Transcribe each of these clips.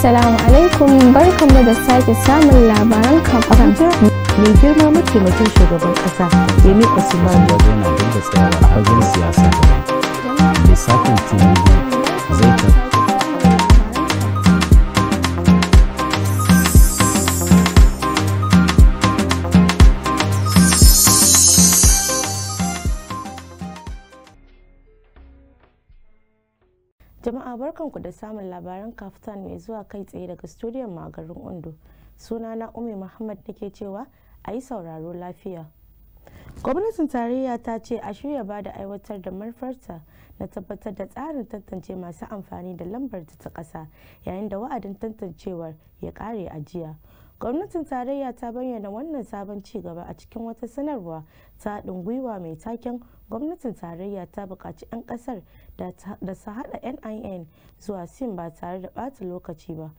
Assalamu alaikum barkanmu da sake samun labaran kafaran. mai girma mataimakin shugaban kasa Yemi Usman. Wajen na duba tsayawa a fagen siyasa daban. Lissafin Tinubu zai tafi jama'a barkanku da samun labaran kaftan mai zuwa kai tsaye daga studiyon magarin ondo sunana umi muhammad nake cewa a yi sauraro lafiya gwamnatin tarayya ta ce a shirya ba da aiwatar da manufarta na tabbatar da tsarin tantance masu amfani da lambar ta ƙasa yayin da wa'adin tantancewar ya ƙare a jiya gwamnatin tarayya ta bayyana wannan sabon ci gaba a cikin wata sanarwa ta haɗin gwiwa mai taken gwamnatin tarayya ta buƙaci 'yan ƙasar da su hada nin zuwa sim ba tare da bata lokaci ba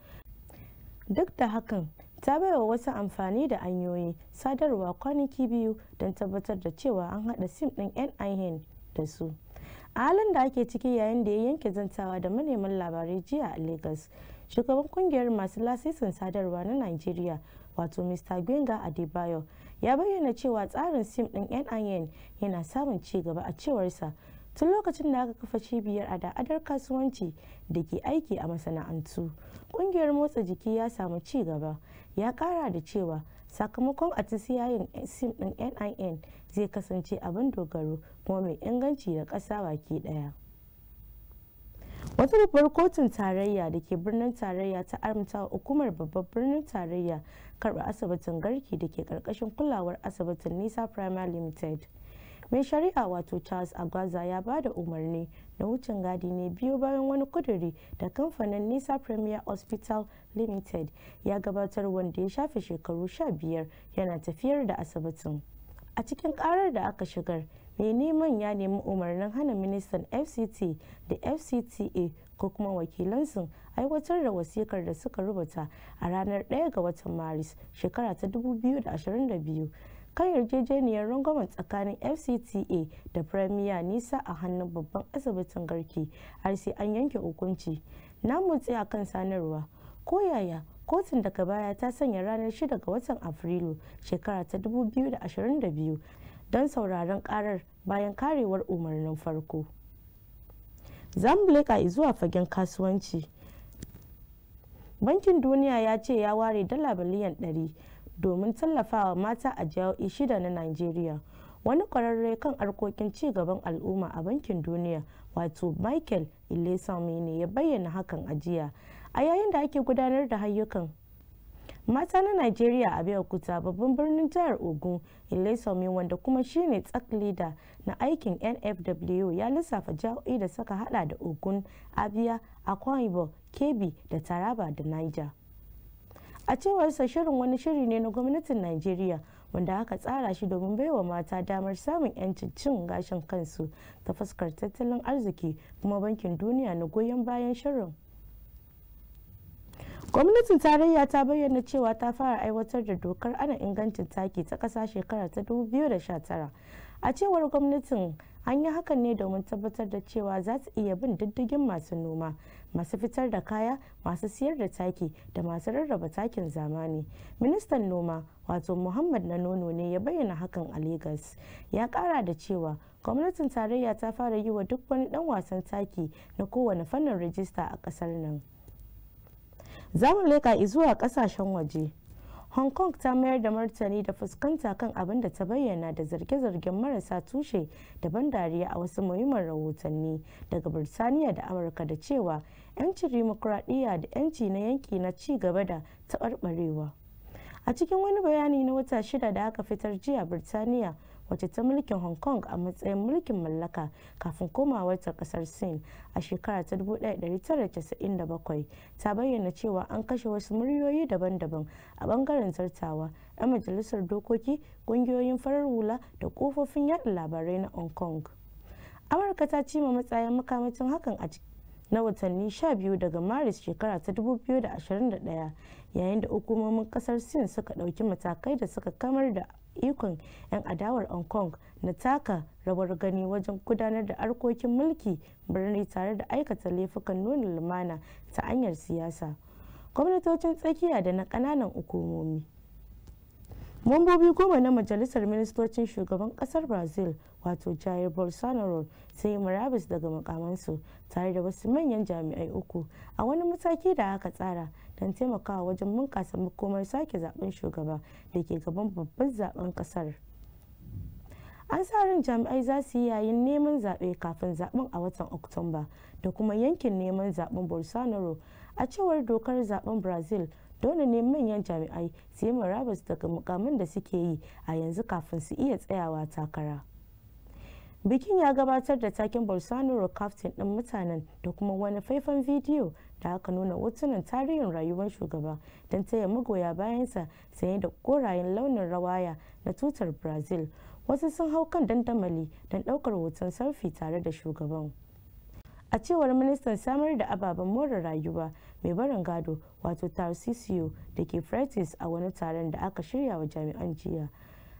duk da hakan ta baiwa wasu amfani da hanyoyi sadarwa kwanaki biyu don tabbatar da cewa an hada sim ɗin nin da su a halin da ake ciki yayin da ya yanke zantawa da maneman labarai jiya a lagos shugaban kungiyar masu lasisin sadarwa na nigeria wato mr gwenga adebayo ya bayyana cewa tsarin sim ɗin nin yana samun ci gaba a cewarsa tun lokacin da aka kafa cibiyar a da'adar kasuwanci da ke aiki a masana'antu kungiyar motsa jiki ya samu ci gaba ya kara da cewa sakamakon a yayin sim din nin zai kasance abin dogaro kuma mai inganci da ƙasa baki daya. wata babbar kotun tarayya da ke birnin tarayya ta armta hukumar babbar birnin tarayya karba asibitin garki da ke ƙarƙashin kulawar asibitin nisa primary limited mai shari'a wato charles agwaza ya ba da umarni na wucin gadi ne biyu bayan wani kuduri da kamfanin nisa premier hospital limited ya gabatar wanda ya shafe shekaru sha biyar yana tafiyar da asibitin a cikin karar da aka shigar mai neman ya nemi umarnin hana ministan fct da fcta ko kuma wakilansu aiwatar da wasikar da suka rubuta a ranar 1 ga watan maris shekara ta 2022 kan yarjejeniyar rangwamen tsakanin fcta da premier nisa a hannun babban asibitin garki har sai an yanke hukunci na motsi a kan sanarwa ko yaya kotun daga baya ta sanya ranar 6 ga watan afrilu shekara ta 2022 don sauraron karar bayan karewar umarnin farko i zuwa fagen kasuwanci bankin duniya ya ce ya ware dala biliyan 100 domin tallafawa mata a jami'o'i shida na nigeria Wani kwararre kan arkokin ci gaban al'umma a bankin duniya wato Michael Ilesami ne ya bayyana hakan a jiya. A yayin da ake gudanar da hayyukan mata na Najeriya a Abeokuta babban birnin jihar Ogun Ilesami wanda kuma shine tsak leader na aikin NFW ya lissafa jami'o'i da suka hada da Ogun, Abia, Akwa kebi Kebbi da Taraba da Niger. a cewar cewarsa shirin wani shiri ne na gwamnatin najeriya wanda aka tsara shi domin baiwa mata damar samun 'yancin cin gashin kansu ta fuskar tattalin arziki kuma bankin duniya na goyon bayan shirin gwamnatin tarayya ta bayyana cewa ta fara aiwatar da dokar ana ingancin taki ta ƙasa shekara ta 2019 a cewar gwamnatin an yi hakan ne domin tabbatar da cewa za su iya bin diddigin masu noma masu fitar da kaya masu siyar da taki da masu rarraba takin zamani ministan noma wato muhammad na nono ne ya bayyana hakan a lagos ya kara da cewa gwamnatin tarayya ta fara yi wa duk wani dan wasan taki na kowane fannin rajista a kasar nan za mu leka zuwa kasashen waje hong kong ta mayar da martani da fuskanta kan abin da ta bayyana da zarge-zargen marasa tushe da ban dariya a wasu muhimman rahotanni daga birtaniya da amurka da cewa 'yancin dimokuraɗiyya da 'yanci na yanki na ci gaba da taɓarɓarewa a cikin wani bayani na wata shida da aka fitar jiya birtaniya wacce ta mulkin hong kong a matsayin mulkin mallaka kafin komawarta kasar sin a shekara ta 1997 ta bayyana cewa an kashe wasu muryoyi daban-daban a bangaren zartawa 'yan majalisar dokoki kungiyoyin farar hula da kofofin yada labarai na hong kong amurka ta cima matsayin makamacin hakan a cikin na watanni 12 daga maris shekara ta 2021 yayin da hukumomin kasar sin suka ɗauki matakai da suka kamar da ikon 'yan adawar hong kong na taka rawar gani wajen gudanar da harkokin mulki birni tare da aikata laifukan nuna lumana ta hanyar siyasa gwamnatocin tsakiya da na ƙananan hukumomi mambobi goma na majalisar ministocin shugaban kasar brazil wato jair bolsonaro sai murabus daga makamansu tare da wasu manyan jami'ai uku a wani mataki da aka tsara don taimakawa wajen munkasa makomar sake zaben shugaba da ke gaban babban zaben ƙasar. an sa ran jami'ai za su yi yayin neman zaɓe kafin zaben a watan oktomba da kuma yankin neman zaben bolsonaro a cewar dokar zaɓen brazil dole ne manyan jami'ai su yi murabus daga mukamin da suke yi a yanzu kafin su iya tsayawa takara bikin ya gabatar da takin bolsonaro captain ɗin mutanen da kuma wani faifan bidiyo da aka nuna hotunan tarihin rayuwar shugaba don taya magoya bayansa sanye da korayen launin rawaya na tutar brazil wasu sun hau kan dandamali don ɗaukar hoton selfie tare da shugaban a cewar ministan samar da ababen more rayuwa mai barin gado wato tarsisio da ke fretis a wani taron da aka shirya wa jami'an jiya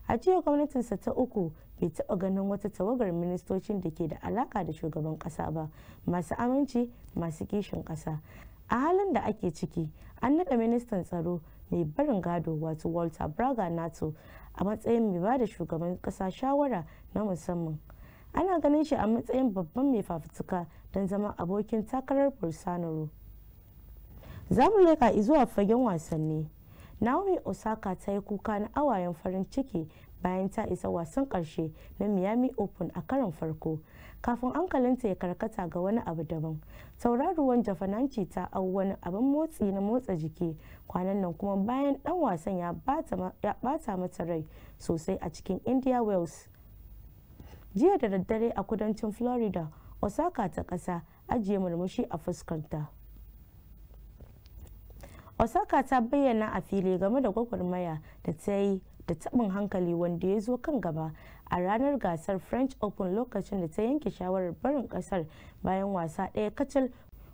a jiya gwamnatinsa ta uku bai taɓa ganin wata tawagar ministocin da ke da alaka da shugaban ƙasa ba masu aminci masu kishin ƙasa a halin da ake ciki an naɗa ministan tsaro mai barin gado wato walter braga nato a matsayin mai ba da shugaban ƙasa shawara na musamman ana ganin shi a matsayin babban mai fafutuka don zama abokin takarar bolsonaro za mu leka zuwa fagen wasanni naomi osaka ta yi kuka na awayen farin ciki bayan ta isa wasan karshe na miami open a karon farko kafin hankalinta ya karkata ga wani abu daban tauraruwan jafananci ta au wani abin motsi na motsa jiki kwanan nan kuma bayan dan wasan ya bata mata rai sosai a cikin india wales jiya da daddare a kudancin florida osaka ta kasa ajiye murmushi a fuskarta. osaka ta bayyana a fili game da gwagwarmaya da ta yi da taɓin hankali wanda ya zo kan gaba a ranar gasar french open lokacin da ta yanke shawarar barin ƙasar bayan wasa ɗaya kacal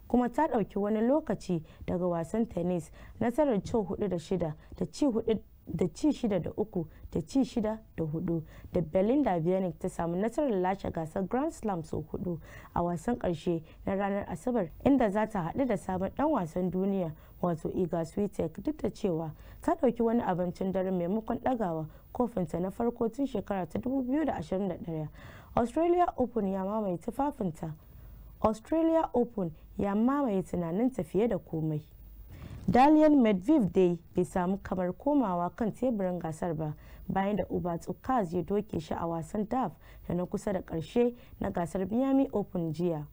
kuma ta ɗauki wani lokaci daga wasan tennis nasarar ci hudu da shida da ci hudu da ci shida da uku da ci shida da hudu da da bionic ta samu nasarar lashe gasar grand slam sau hudu a wasan karshe na ranar asabar inda za ta haɗu da sabon dan wasan duniya wato iga switek duk da cewa ta ɗauki wani abincin dare maimakon dagawa kofinta na farko tun shekara ta 2021 australia open ya mamaye tufafinta australia open ya mamaye tunaninta fiye da komai daniel medvedev dai bai samu kamar komawa kan teburin gasar ba bayan da uba tsukaz ya doke shi a wasan daf da na kusa da ƙarshe na gasar miami open jiya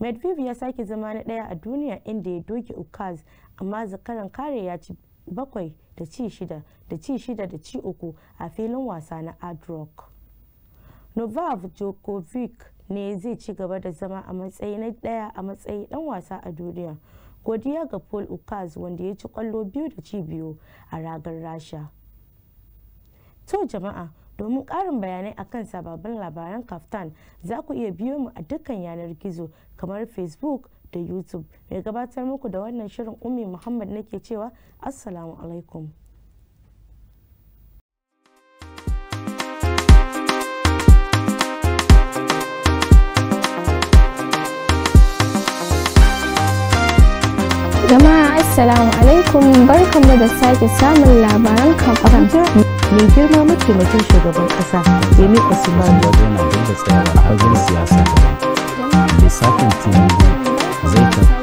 medvedev ya sake zama na ɗaya a duniya inda ya doke ukaz amma zakaran kare ya ci bakwai da ci shida da ci shida da ci uku a filin wasa na hard rock novak djokovic ne zai ci gaba da zama a matsayi na ɗaya a matsayi ɗan wasa a duniya godiya ga paul ukaz wanda ya ci kwallo biyu da ci biyu a ragar rasha to jama'a domin karin bayanai akan sababbin labaran kaftan za ku iya biyo mu a dukkan yanar gizo kamar facebook da youtube mai gabatar muku da wannan shirin umi muhammad nake cewa assalamu alaikum Assalamu alaikum barkanmu da sake samun labaran kafaranta. Mai girma mataimakin shugaban kasa Yemi Osinbajo yana da tsayawa a fagen siyasa gaba. sakin Tinubu zai tafi